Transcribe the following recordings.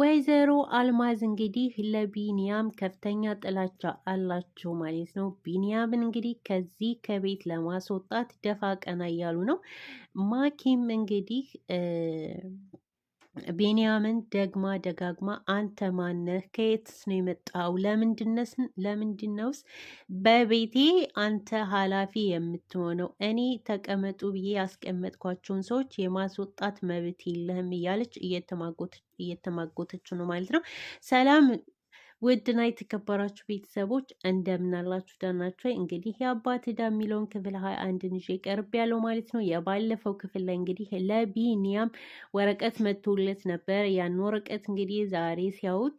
ወይዘሮ አልማዝ እንግዲህ ለቢንያም ከፍተኛ ጥላቻ አላቸው ማለት ነው። ቢንያም እንግዲህ ከዚህ ከቤት ለማስወጣት ደፋ ቀና እያሉ ነው። ማኪም እንግዲህ ቤንያምን ደግማ ደጋግማ አንተ ማነህ? ከየትስ ነው የመጣው? ለምንድነውስ በቤቴ አንተ ኃላፊ የምትሆነው? እኔ ተቀመጡ ብዬ ያስቀመጥኳቸውን ሰዎች የማስወጣት መብት የለህም እያለች እየተማጎተች ነው ማለት ነው። ሰላም ውድና የተከበራችሁ ቤተሰቦች እንደምናላችሁ አላችሁ? እንግዲህ የአባት ዕዳ የሚለውን ክፍል ሀያ አንድን ይዤ ቀርብ ያለው ማለት ነው። የባለፈው ክፍል ላይ እንግዲህ ለቢኒያም ወረቀት መጥቶለት ነበር። ያን ወረቀት እንግዲህ ዛሬ ሲያዩት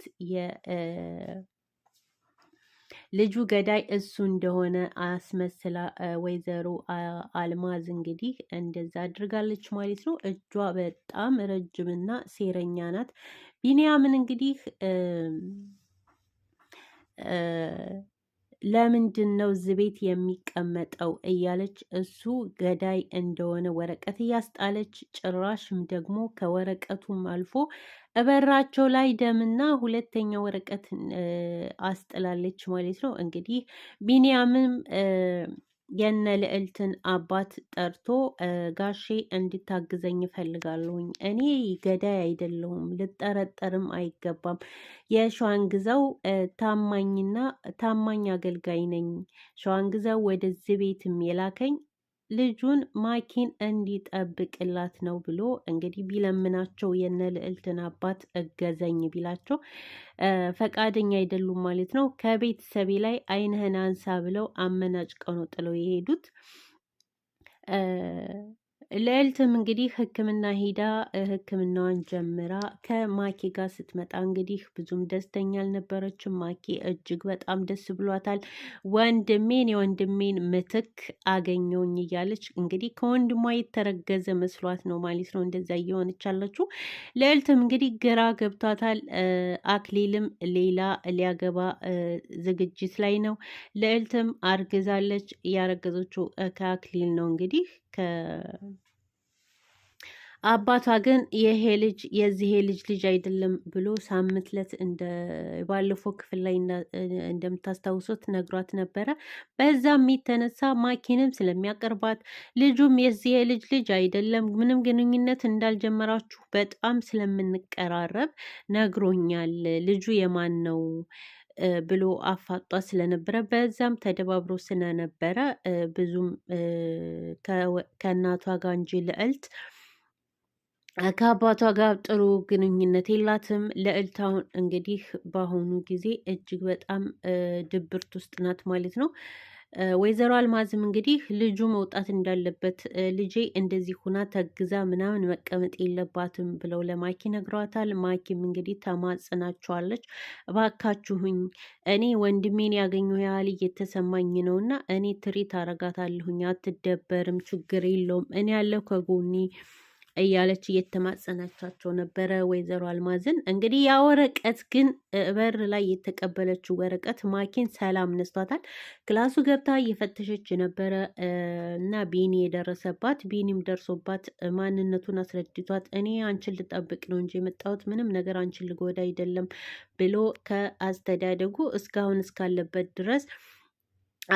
ልጁ ገዳይ እሱ እንደሆነ አስመስላ ወይዘሮ አልማዝ እንግዲህ እንደዛ አድርጋለች ማለት ነው። እጇ በጣም ረጅምና ሴረኛ ናት። ቢኒያምን እንግዲህ ለምንድን ነው እዚህ ቤት የሚቀመጠው እያለች እሱ ገዳይ እንደሆነ ወረቀት እያስጣለች ጭራሽም ደግሞ ከወረቀቱም አልፎ እበራቸው ላይ ደምና ሁለተኛ ወረቀት አስጥላለች ማለት ነው። እንግዲህ ቢንያምም የነ ልዕልትን አባት ጠርቶ ጋሼ እንድታግዘኝ እፈልጋለሁኝ። እኔ ገዳይ አይደለሁም፣ ልጠረጠርም አይገባም። የሸዋንግዛው ታማኝና ታማኝ አገልጋይ ነኝ። ሸዋንግዛው ወደዚህ ቤትም የላከኝ ልጁን ማኪን እንዲጠብቅላት ነው ብሎ እንግዲህ ቢለምናቸው የነ ልዕልትን አባት እገዘኝ ቢላቸው ፈቃደኛ አይደሉም ማለት ነው። ከቤተሰቤ ላይ አይንህን አንሳ ብለው አመናጭቀው ነው ጥለው የሄዱት። ልዕልትም እንግዲህ ሕክምና ሂዳ ሕክምናዋን ጀምራ ከማኪ ጋር ስትመጣ እንግዲህ ብዙም ደስተኛ አልነበረችም። ማኪ እጅግ በጣም ደስ ብሏታል። ወንድሜን የወንድሜን ምትክ አገኘውኝ እያለች እንግዲህ ከወንድሟ የተረገዘ መስሏት ነው ማለት ነው እንደዛ እየሆነች አለችው። ልዕልትም እንግዲህ ግራ ገብቷታል። አክሊልም ሌላ ሊያገባ ዝግጅት ላይ ነው። ልዕልትም አርግዛለች። ያረገዘችው ከአክሊል ነው እንግዲህ አባቷ ግን ይሄ ልጅ የዚህ ልጅ ልጅ አይደለም ብሎ ሳምንት ዕለት እንደ ባለፈው ክፍል ላይ እንደምታስታውሱት ነግሯት ነበረ። በዛም የተነሳ ማኪንም ስለሚያቀርባት ልጁም የዚህ ልጅ ልጅ አይደለም ምንም ግንኙነት እንዳልጀመራችሁ በጣም ስለምንቀራረብ ነግሮኛል። ልጁ የማን ነው ብሎ አፋጧ ስለነበረ በዛም ተደባብሮ ስለነበረ ብዙም ከእናቷ ጋር እንጂ ልዕልት ከአባቷ ጋር ጥሩ ግንኙነት የላትም። ልዕልት እንግዲህ በአሁኑ ጊዜ እጅግ በጣም ድብርት ውስጥ ናት ማለት ነው። ወይዘሮ አልማዝም እንግዲህ ልጁ መውጣት እንዳለበት ልጄ እንደዚህ ሁና ተግዛ ምናምን መቀመጥ የለባትም ብለው ለማኪ ነግረዋታል። ማኪም እንግዲህ ተማጽናቸዋለች። እባካችሁኝ እኔ ወንድሜን ያገኘው ያህል እየተሰማኝ ነው እና እኔ ትሪት አረጋታለሁኝ፣ አትደበርም፣ ችግር የለውም፣ እኔ ያለው ከጎኔ እያለች እየተማጸነቻቸው ነበረ ወይዘሮ አልማዝን። እንግዲህ ያ ወረቀት ግን በር ላይ የተቀበለችው ወረቀት ማኪን ሰላም ነስቷታል። ክላሱ ገብታ እየፈተሸች ነበረ እና ቢኒ የደረሰባት ቢኒም ደርሶባት ማንነቱን አስረድቷት እኔ አንቺን ልጠብቅ ነው እንጂ የመጣሁት ምንም ነገር አንቺን ልጎዳ አይደለም ብሎ ከአስተዳደጉ እስካሁን እስካለበት ድረስ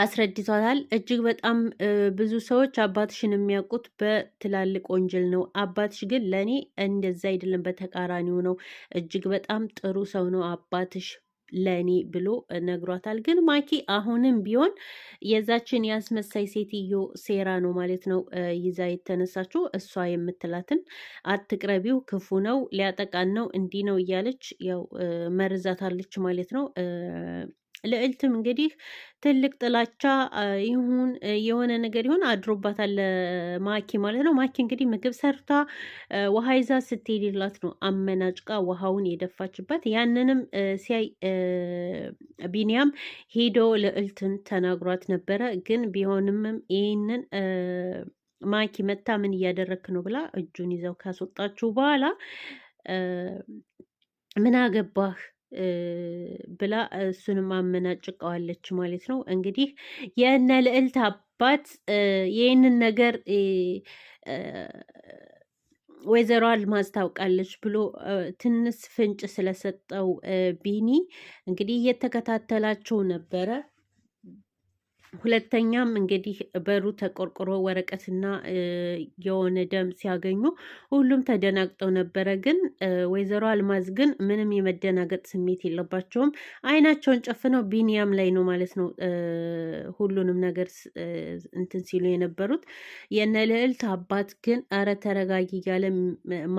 አስረድቷታል። እጅግ በጣም ብዙ ሰዎች አባትሽን የሚያውቁት በትላልቅ ወንጀል ነው። አባትሽ ግን ለእኔ እንደዛ አይደለም፣ በተቃራኒው ነው። እጅግ በጣም ጥሩ ሰው ነው አባትሽ ለእኔ ብሎ ነግሯታል። ግን ማኪ አሁንም ቢሆን የዛችን ያስመሳይ ሴትዮ ሴራ ነው ማለት ነው ይዛ የተነሳችው። እሷ የምትላትን አትቅረቢው፣ ክፉ ነው፣ ሊያጠቃን ነው፣ እንዲህ ነው እያለች ያው መርዛታለች ማለት ነው። ልዕልትም እንግዲህ ትልቅ ጥላቻ ይሁን የሆነ ነገር ይሁን አድሮባታል ማኪ ማለት ነው። ማኪ እንግዲህ ምግብ ሰርታ ውሃ ይዛ ስትሄድላት ነው አመናጭቃ ውሃውን የደፋችበት። ያንንም ሲያይ ቢኒያም ሄዶ ልዕልትን ተናግሯት ነበረ። ግን ቢሆንምም ይህንን ማኪ መታ ምን እያደረግ ነው ብላ እጁን ይዘው ካስወጣችሁ በኋላ ምን አገባህ ብላ እሱንም አመናጭቀዋለች ማለት ነው። እንግዲህ የእነ ልዕልት አባት ይህንን ነገር ወይዘሮ አልማዝ ታውቃለች ብሎ ትንስ ፍንጭ ስለሰጠው ቢኒ እንግዲህ እየተከታተላቸው ነበረ። ሁለተኛም እንግዲህ በሩ ተቆርቁሮ ወረቀትና የሆነ ደም ሲያገኙ ሁሉም ተደናግጠው ነበረ። ግን ወይዘሮ አልማዝ ግን ምንም የመደናገጥ ስሜት የለባቸውም። አይናቸውን ጨፍነው ቢኒያም ላይ ነው ማለት ነው ሁሉንም ነገር እንትን ሲሉ የነበሩት። የነ ልዕልት አባት ግን አረ ተረጋጊ እያለ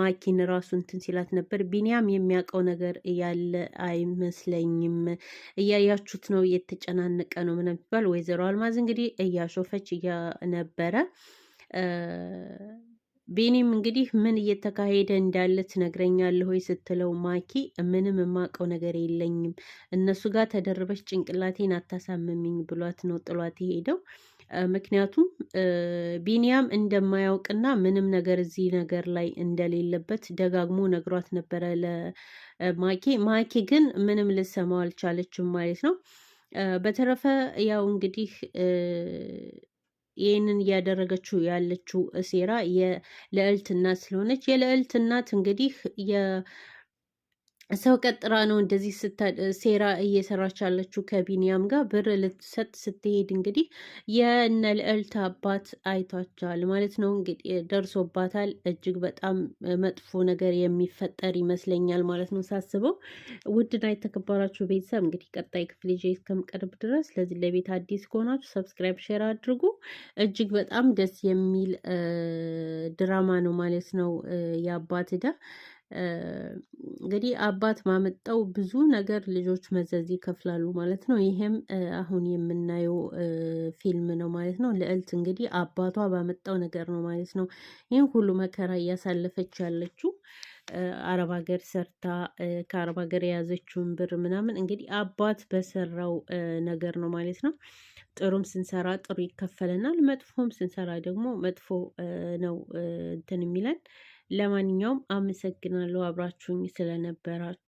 ማኪን ራሱ እንትን ሲላት ነበር። ቢኒያም የሚያውቀው ነገር ያለ አይመስለኝም። እያያችሁት ነው፣ የተጨናነቀ ነው ምናምን ሲባል ወይዘሮ አልማዝ እንግዲህ እያሾፈች ነበረ። ቤኒም እንግዲህ ምን እየተካሄደ እንዳለ ትነግረኛለህ ወይ ስትለው ማኪ ምንም የማውቀው ነገር የለኝም፣ እነሱ ጋር ተደርበች ጭንቅላቴን አታሳምምኝ ብሏት ነው ጥሏት ሄደው። ምክንያቱም ቢኒያም እንደማያውቅና ምንም ነገር እዚህ ነገር ላይ እንደሌለበት ደጋግሞ ነግሯት ነበረ ለማኪ። ማኪ ግን ምንም ልትሰማው አልቻለችም ማለት ነው። በተረፈ ያው እንግዲህ ይህንን እያደረገችው ያለችው ሴራ የልዕልት እናት ስለሆነች የልዕልት እናት እንግዲህ ሰው ቀጥራ ነው እንደዚህ ሴራ እየሰራች ያለችው ከቢንያም ጋር ብር ልትሰጥ ስትሄድ እንግዲህ የእነ ልዕልት አባት አይቷቸዋል ማለት ነው። እንግዲህ ደርሶባታል። እጅግ በጣም መጥፎ ነገር የሚፈጠር ይመስለኛል ማለት ነው ሳስበው። ውድና የተከበራችሁ ቤተሰብ እንግዲህ ቀጣይ ክፍል ይዤ እስከምቀርብ ድረስ ለዚህ ለቤት አዲስ ከሆናችሁ ሰብስክራይብ፣ ሼር አድርጉ። እጅግ በጣም ደስ የሚል ድራማ ነው ማለት ነው የአባት ዕዳ እንግዲህ አባት ማመጣው ብዙ ነገር ልጆች መዘዝ ይከፍላሉ ማለት ነው። ይሄም አሁን የምናየው ፊልም ነው ማለት ነው። ልዕልት እንግዲህ አባቷ ባመጣው ነገር ነው ማለት ነው። ይህን ሁሉ መከራ እያሳለፈች ያለችው አረብ ሀገር ሰርታ ከአረብ ሀገር የያዘችውን ብር ምናምን እንግዲህ አባት በሰራው ነገር ነው ማለት ነው። ጥሩም ስንሰራ ጥሩ ይከፈለናል፣ መጥፎም ስንሰራ ደግሞ መጥፎ ነው እንትን የሚለን ለማንኛውም አመሰግናለሁ አብራችሁኝ ስለነበራችሁ።